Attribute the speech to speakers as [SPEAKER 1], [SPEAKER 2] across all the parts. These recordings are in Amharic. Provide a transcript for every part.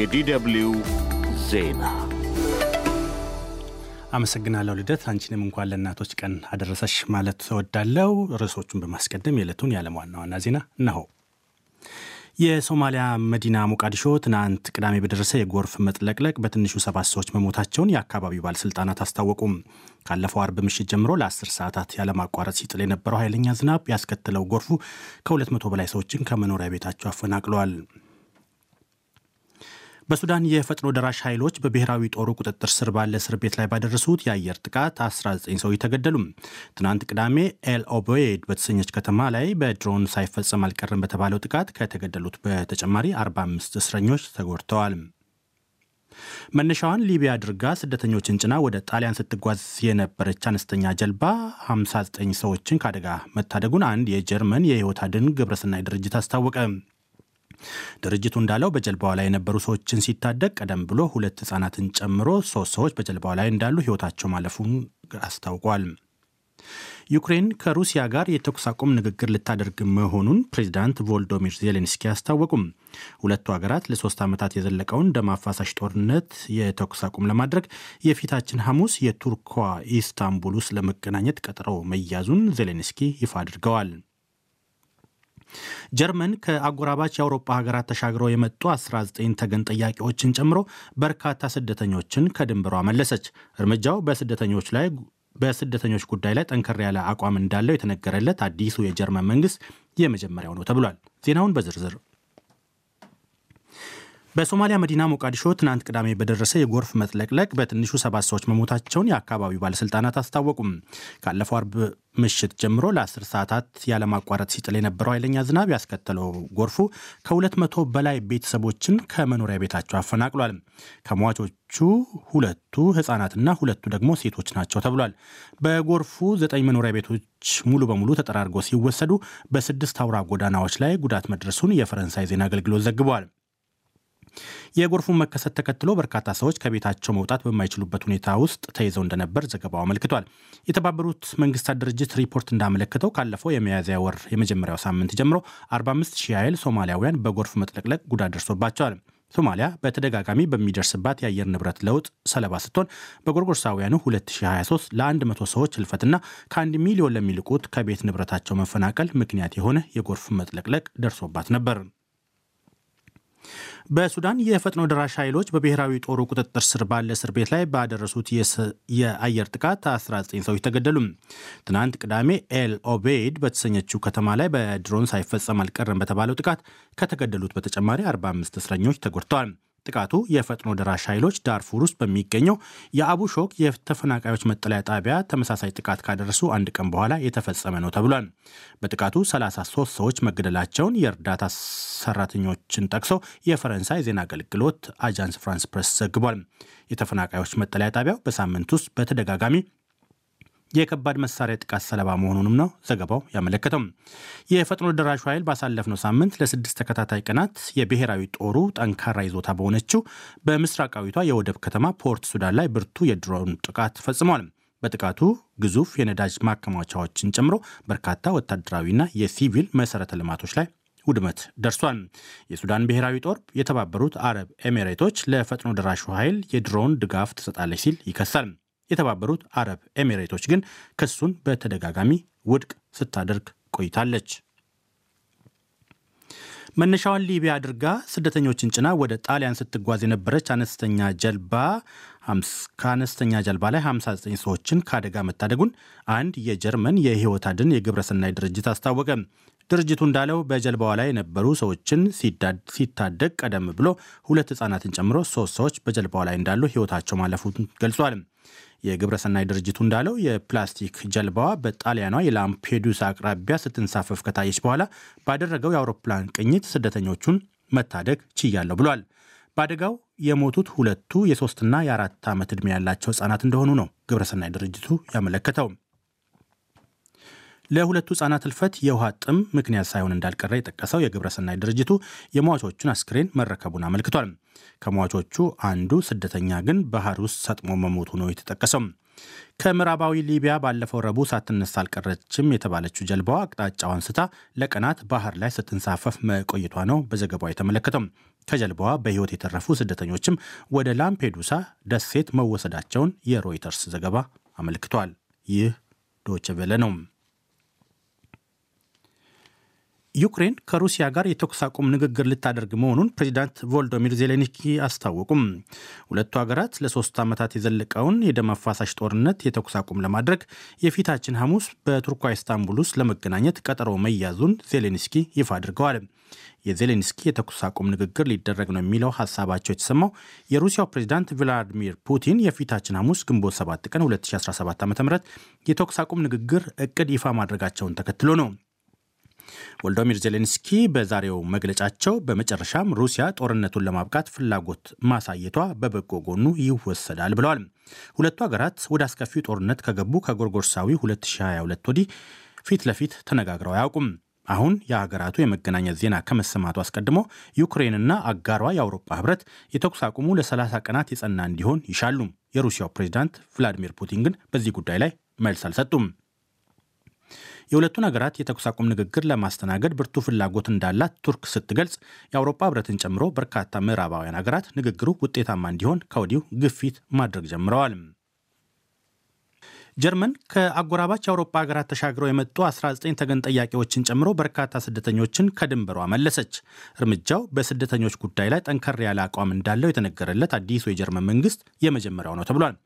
[SPEAKER 1] የዲደብሊው ዜና አመሰግናለሁ ልደት። አንቺንም እንኳን ለእናቶች ቀን አደረሰሽ ማለት ተወዳለው ርዕሶቹን በማስቀደም የዕለቱን የዓለም ዋና ዋና ዜና እነሆ። የሶማሊያ መዲና ሞቃዲሾ ትናንት ቅዳሜ በደረሰ የጎርፍ መጥለቅለቅ በትንሹ ሰባት ሰዎች መሞታቸውን የአካባቢው ባለሥልጣናት አስታወቁም። ካለፈው አርብ ምሽት ጀምሮ ለአስር ሰዓታት ያለማቋረጥ ሲጥል የነበረው ኃይለኛ ዝናብ ያስከትለው ጎርፉ ከ200 በላይ ሰዎችን ከመኖሪያ ቤታቸው አፈናቅለዋል። በሱዳን የፈጥኖ ደራሽ ኃይሎች በብሔራዊ ጦሩ ቁጥጥር ስር ባለ እስር ቤት ላይ ባደረሱት የአየር ጥቃት 19 ሰዎች ተገደሉም። ትናንት ቅዳሜ ኤል ኦቦዬድ በተሰኘች ከተማ ላይ በድሮን ሳይፈጸም አልቀርም በተባለው ጥቃት ከተገደሉት በተጨማሪ 45 እስረኞች ተጎድተዋል። መነሻዋን ሊቢያ አድርጋ ስደተኞችን ጭና ወደ ጣሊያን ስትጓዝ የነበረች አነስተኛ ጀልባ 59 ሰዎችን ከአደጋ መታደጉን አንድ የጀርመን የሕይወት አድን ግብረሰናይ ድርጅት አስታወቀ። ድርጅቱ እንዳለው በጀልባዋ ላይ የነበሩ ሰዎችን ሲታደግ ቀደም ብሎ ሁለት ህጻናትን ጨምሮ ሶስት ሰዎች በጀልባዋ ላይ እንዳሉ ህይወታቸው ማለፉን አስታውቋል። ዩክሬን ከሩሲያ ጋር የተኩስ አቁም ንግግር ልታደርግ መሆኑን ፕሬዚዳንት ቮልዶሚር ዜሌንስኪ አስታወቁም። ሁለቱ ሀገራት ለሶስት ዓመታት የዘለቀውን ደም አፋሳሽ ጦርነት የተኩስ አቁም ለማድረግ የፊታችን ሐሙስ የቱርኳ ኢስታንቡል ውስጥ ለመገናኘት ቀጠሮ መያዙን ዜሌንስኪ ይፋ አድርገዋል። ጀርመን ከአጎራባች የአውሮፓ ሀገራት ተሻግረው የመጡ 19 ተገን ጠያቂዎችን ጨምሮ በርካታ ስደተኞችን ከድንበሯ መለሰች። እርምጃው በስደተኞች ላይ በስደተኞች ጉዳይ ላይ ጠንከር ያለ አቋም እንዳለው የተነገረለት አዲሱ የጀርመን መንግስት የመጀመሪያው ነው ተብሏል። ዜናውን በዝርዝር በሶማሊያ መዲና ሞቃዲሾ ትናንት ቅዳሜ በደረሰ የጎርፍ መጥለቅለቅ በትንሹ ሰባት ሰዎች መሞታቸውን የአካባቢው ባለስልጣናት አስታወቁም። ካለፈው አርብ ምሽት ጀምሮ ለ10 ሰዓታት ያለማቋረጥ ሲጥል የነበረው ኃይለኛ ዝናብ ያስከተለው ጎርፉ ከ200 በላይ ቤተሰቦችን ከመኖሪያ ቤታቸው አፈናቅሏል። ከሟቾቹ ሁለቱ ሕጻናትና ሁለቱ ደግሞ ሴቶች ናቸው ተብሏል። በጎርፉ ዘጠኝ መኖሪያ ቤቶች ሙሉ በሙሉ ተጠራርገው ሲወሰዱ በስድስት አውራ ጎዳናዎች ላይ ጉዳት መድረሱን የፈረንሳይ ዜና አገልግሎት ዘግቧል። የጎርፉን መከሰት ተከትሎ በርካታ ሰዎች ከቤታቸው መውጣት በማይችሉበት ሁኔታ ውስጥ ተይዘው እንደነበር ዘገባው አመልክቷል። የተባበሩት መንግስታት ድርጅት ሪፖርት እንዳመለከተው ካለፈው የሚያዝያ ወር የመጀመሪያው ሳምንት ጀምሮ 45 ሺህ ያህል ሶማሊያውያን በጎርፍ መጥለቅለቅ ጉዳት ደርሶባቸዋል። ሶማሊያ በተደጋጋሚ በሚደርስባት የአየር ንብረት ለውጥ ሰለባ ስትሆን በጎርጎርሳውያኑ 2023 ለ100 ሰዎች ህልፈትና ከ1 ሚሊዮን ለሚልቁት ከቤት ንብረታቸው መፈናቀል ምክንያት የሆነ የጎርፍ መጥለቅለቅ ደርሶባት ነበር። በሱዳን የፈጥኖ ደራሽ ኃይሎች በብሔራዊ ጦሩ ቁጥጥር ስር ባለ እስር ቤት ላይ ባደረሱት የአየር ጥቃት 19 ሰዎች ተገደሉ። ትናንት ቅዳሜ ኤል ኦቤይድ በተሰኘችው ከተማ ላይ በድሮን ሳይፈጸም አልቀረም በተባለው ጥቃት ከተገደሉት በተጨማሪ 45 እስረኞች ተጎድተዋል። ጥቃቱ የፈጥኖ ደራሽ ኃይሎች ዳርፉር ውስጥ በሚገኘው የአቡሾክ የተፈናቃዮች መጠለያ ጣቢያ ተመሳሳይ ጥቃት ካደረሱ አንድ ቀን በኋላ የተፈጸመ ነው ተብሏል። በጥቃቱ 33 ሰዎች መገደላቸውን የእርዳታ ሰራተኞችን ጠቅሶ የፈረንሳይ ዜና አገልግሎት አጃንስ ፍራንስ ፕሬስ ዘግቧል። የተፈናቃዮች መጠለያ ጣቢያው በሳምንት ውስጥ በተደጋጋሚ የከባድ መሳሪያ ጥቃት ሰለባ መሆኑንም ነው ዘገባው ያመለከተው። የፈጥኖ ደራሹ ኃይል ባሳለፍነው ሳምንት ለስድስት ተከታታይ ቀናት የብሔራዊ ጦሩ ጠንካራ ይዞታ በሆነችው በምስራቃዊቷ የወደብ ከተማ ፖርት ሱዳን ላይ ብርቱ የድሮን ጥቃት ፈጽሟል። በጥቃቱ ግዙፍ የነዳጅ ማከማቻዎችን ጨምሮ በርካታ ወታደራዊና የሲቪል መሠረተ ልማቶች ላይ ውድመት ደርሷል። የሱዳን ብሔራዊ ጦር የተባበሩት አረብ ኤሚሬቶች ለፈጥኖ ደራሹ ኃይል የድሮን ድጋፍ ትሰጣለች ሲል ይከሳል። የተባበሩት አረብ ኤሚሬቶች ግን ክሱን በተደጋጋሚ ውድቅ ስታደርግ ቆይታለች። መነሻዋን ሊቢያ አድርጋ ስደተኞችን ጭና ወደ ጣሊያን ስትጓዝ የነበረች አነስተኛ ጀልባ ከአነስተኛ ጀልባ ላይ 59 ሰዎችን ከአደጋ መታደጉን አንድ የጀርመን የሕይወት አድን የግብረሰናይ ድርጅት አስታወቀ። ድርጅቱ እንዳለው በጀልባዋ ላይ የነበሩ ሰዎችን ሲታደግ ቀደም ብሎ ሁለት ህጻናትን ጨምሮ ሶስት ሰዎች በጀልባዋ ላይ እንዳሉ ህይወታቸው ማለፉን ገልጿል። የግብረሰናይ ድርጅቱ እንዳለው የፕላስቲክ ጀልባዋ በጣሊያኗ የላምፔዱሳ አቅራቢያ ስትንሳፈፍ ከታየች በኋላ ባደረገው የአውሮፕላን ቅኝት ስደተኞቹን መታደግ ችያለሁ ብሏል። በአደጋው የሞቱት ሁለቱ የሶስትና የአራት ዓመት ዕድሜ ያላቸው ህጻናት እንደሆኑ ነው ግብረሰናይ ድርጅቱ ያመለከተው። ለሁለቱ ህጻናት እልፈት የውሃ ጥም ምክንያት ሳይሆን እንዳልቀረ የጠቀሰው የግብረሰናይ ድርጅቱ የሟቾቹን አስክሬን መረከቡን አመልክቷል። ከሟቾቹ አንዱ ስደተኛ ግን ባህር ውስጥ ሰጥሞ መሞቱ ነው የተጠቀሰው። ከምዕራባዊ ሊቢያ ባለፈው ረቡዕ ሳትነሳ አልቀረችም የተባለችው ጀልባዋ አቅጣጫ አንስታ ለቀናት ባህር ላይ ስትንሳፈፍ መቆየቷ ነው በዘገባው የተመለከተው። ከጀልባዋ በህይወት የተረፉ ስደተኞችም ወደ ላምፔዱሳ ደሴት መወሰዳቸውን የሮይተርስ ዘገባ አመልክቷል። ይህ ዶችቬለ ነው። ዩክሬን ከሩሲያ ጋር የተኩስ አቁም ንግግር ልታደርግ መሆኑን ፕሬዚዳንት ቮልዶሚር ዜሌንስኪ አስታወቁም። ሁለቱ ሀገራት ለሶስት ዓመታት የዘለቀውን የደም አፋሳሽ ጦርነት የተኩስ አቁም ለማድረግ የፊታችን ሐሙስ በቱርኳ ኢስታንቡል ውስጥ ለመገናኘት ቀጠሮ መያዙን ዜሌንስኪ ይፋ አድርገዋል። የዜሌንስኪ የተኩስ አቁም ንግግር ሊደረግ ነው የሚለው ሀሳባቸው የተሰማው የሩሲያው ፕሬዚዳንት ቭላዲሚር ፑቲን የፊታችን ሐሙስ ግንቦት 7 ቀን 2017 ዓ ም የተኩስ አቁም ንግግር እቅድ ይፋ ማድረጋቸውን ተከትሎ ነው። ቮሎዶሚር ዜሌንስኪ በዛሬው መግለጫቸው በመጨረሻም ሩሲያ ጦርነቱን ለማብቃት ፍላጎት ማሳየቷ በበጎ ጎኑ ይወሰዳል ብለዋል። ሁለቱ ሀገራት ወደ አስከፊው ጦርነት ከገቡ ከጎርጎርሳዊ 2022 ወዲህ ፊት ለፊት ተነጋግረው አያውቁም። አሁን የሀገራቱ የመገናኛ ዜና ከመሰማቱ አስቀድሞ ዩክሬንና አጋሯ የአውሮፓ ህብረት የተኩስ አቁሙ ለ30 ቀናት የጸና እንዲሆን ይሻሉ። የሩሲያው ፕሬዚዳንት ቭላዲሚር ፑቲን ግን በዚህ ጉዳይ ላይ መልስ አልሰጡም። የሁለቱን ሀገራት የተኩስ አቁም ንግግር ለማስተናገድ ብርቱ ፍላጎት እንዳላት ቱርክ ስትገልጽ የአውሮፓ ህብረትን ጨምሮ በርካታ ምዕራባውያን ሀገራት ንግግሩ ውጤታማ እንዲሆን ከወዲሁ ግፊት ማድረግ ጀምረዋል። ጀርመን ከአጎራባች የአውሮፓ ሀገራት ተሻግረው የመጡ 19 ተገን ጠያቂዎችን ጨምሮ በርካታ ስደተኞችን ከድንበሯ መለሰች። እርምጃው በስደተኞች ጉዳይ ላይ ጠንከር ያለ አቋም እንዳለው የተነገረለት አዲሱ የጀርመን መንግስት የመጀመሪያው ነው ተብሏል።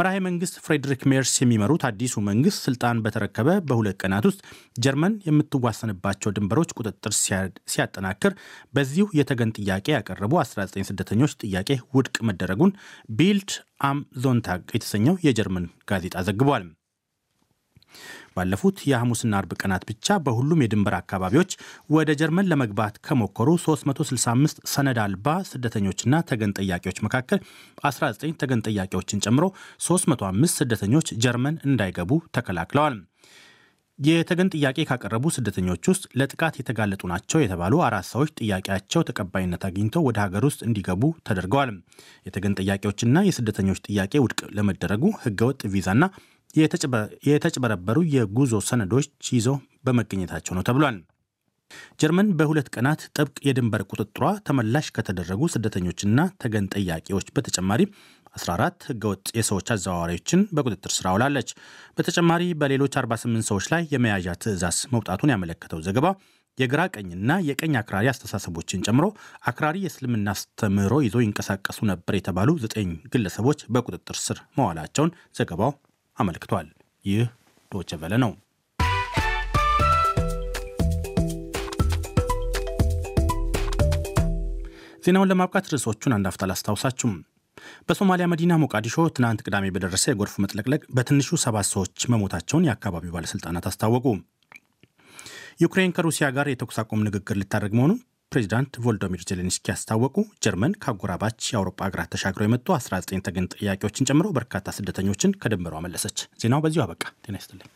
[SPEAKER 1] መራሄ መንግስት ፍሬድሪክ ሜርስ የሚመሩት አዲሱ መንግስት ስልጣን በተረከበ በሁለት ቀናት ውስጥ ጀርመን የምትዋሰንባቸው ድንበሮች ቁጥጥር ሲያጠናክር በዚሁ የተገን ጥያቄ ያቀረቡ 19 ስደተኞች ጥያቄ ውድቅ መደረጉን ቢልድ አም ዞንታግ የተሰኘው የጀርመን ጋዜጣ ዘግቧል። ባለፉት የሐሙስና አርብ ቀናት ብቻ በሁሉም የድንበር አካባቢዎች ወደ ጀርመን ለመግባት ከሞከሩ 365 ሰነድ አልባ ስደተኞችና ተገን ጠያቂዎች መካከል 19 ተገን ጠያቂዎችን ጨምሮ 305 ስደተኞች ጀርመን እንዳይገቡ ተከላክለዋል። የተገን ጥያቄ ካቀረቡ ስደተኞች ውስጥ ለጥቃት የተጋለጡ ናቸው የተባሉ አራት ሰዎች ጥያቄያቸው ተቀባይነት አግኝቶ ወደ ሀገር ውስጥ እንዲገቡ ተደርገዋል። የተገን ጥያቄዎችና የስደተኞች ጥያቄ ውድቅ ለመደረጉ ህገወጥ ቪዛና የተጭበረበሩ የጉዞ ሰነዶች ይዘው በመገኘታቸው ነው ተብሏል። ጀርመን በሁለት ቀናት ጥብቅ የድንበር ቁጥጥሯ ተመላሽ ከተደረጉ ስደተኞችና ተገን ጠያቂዎች በተጨማሪ 14 ህገወጥ የሰዎች አዘዋዋሪዎችን በቁጥጥር ስር አውላለች። በተጨማሪ በሌሎች 48 ሰዎች ላይ የመያዣ ትዕዛዝ መውጣቱን ያመለከተው ዘገባው የግራ ቀኝና የቀኝ አክራሪ አስተሳሰቦችን ጨምሮ አክራሪ የእስልምና አስተምህሮ ይዞ ይንቀሳቀሱ ነበር የተባሉ ዘጠኝ ግለሰቦች በቁጥጥር ስር መዋላቸውን ዘገባው አመልክቷል። ይህ ዶቼ ቬለ ነው። ዜናውን ለማብቃት ርዕሶቹን አንድ አፍታ ላስታውሳችሁም። በሶማሊያ መዲና ሞቃዲሾ ትናንት ቅዳሜ በደረሰ የጎርፍ መጥለቅለቅ በትንሹ ሰባት ሰዎች መሞታቸውን የአካባቢው ባለስልጣናት አስታወቁ። ዩክሬን ከሩሲያ ጋር የተኩስ አቁም ንግግር ልታደርግ መሆኑን ፕሬዚዳንት ቮልዶሚር ዜሌንስኪ ያስታወቁ። ጀርመን ከአጎራባች የአውሮፓ ሀገራት ተሻግረው የመጡ 19 ተገን ጥያቄዎችን ጨምሮ በርካታ ስደተኞችን ከድንበሯ መለሰች። ዜናው በዚሁ አበቃ። ጤና ይስጥልኝ።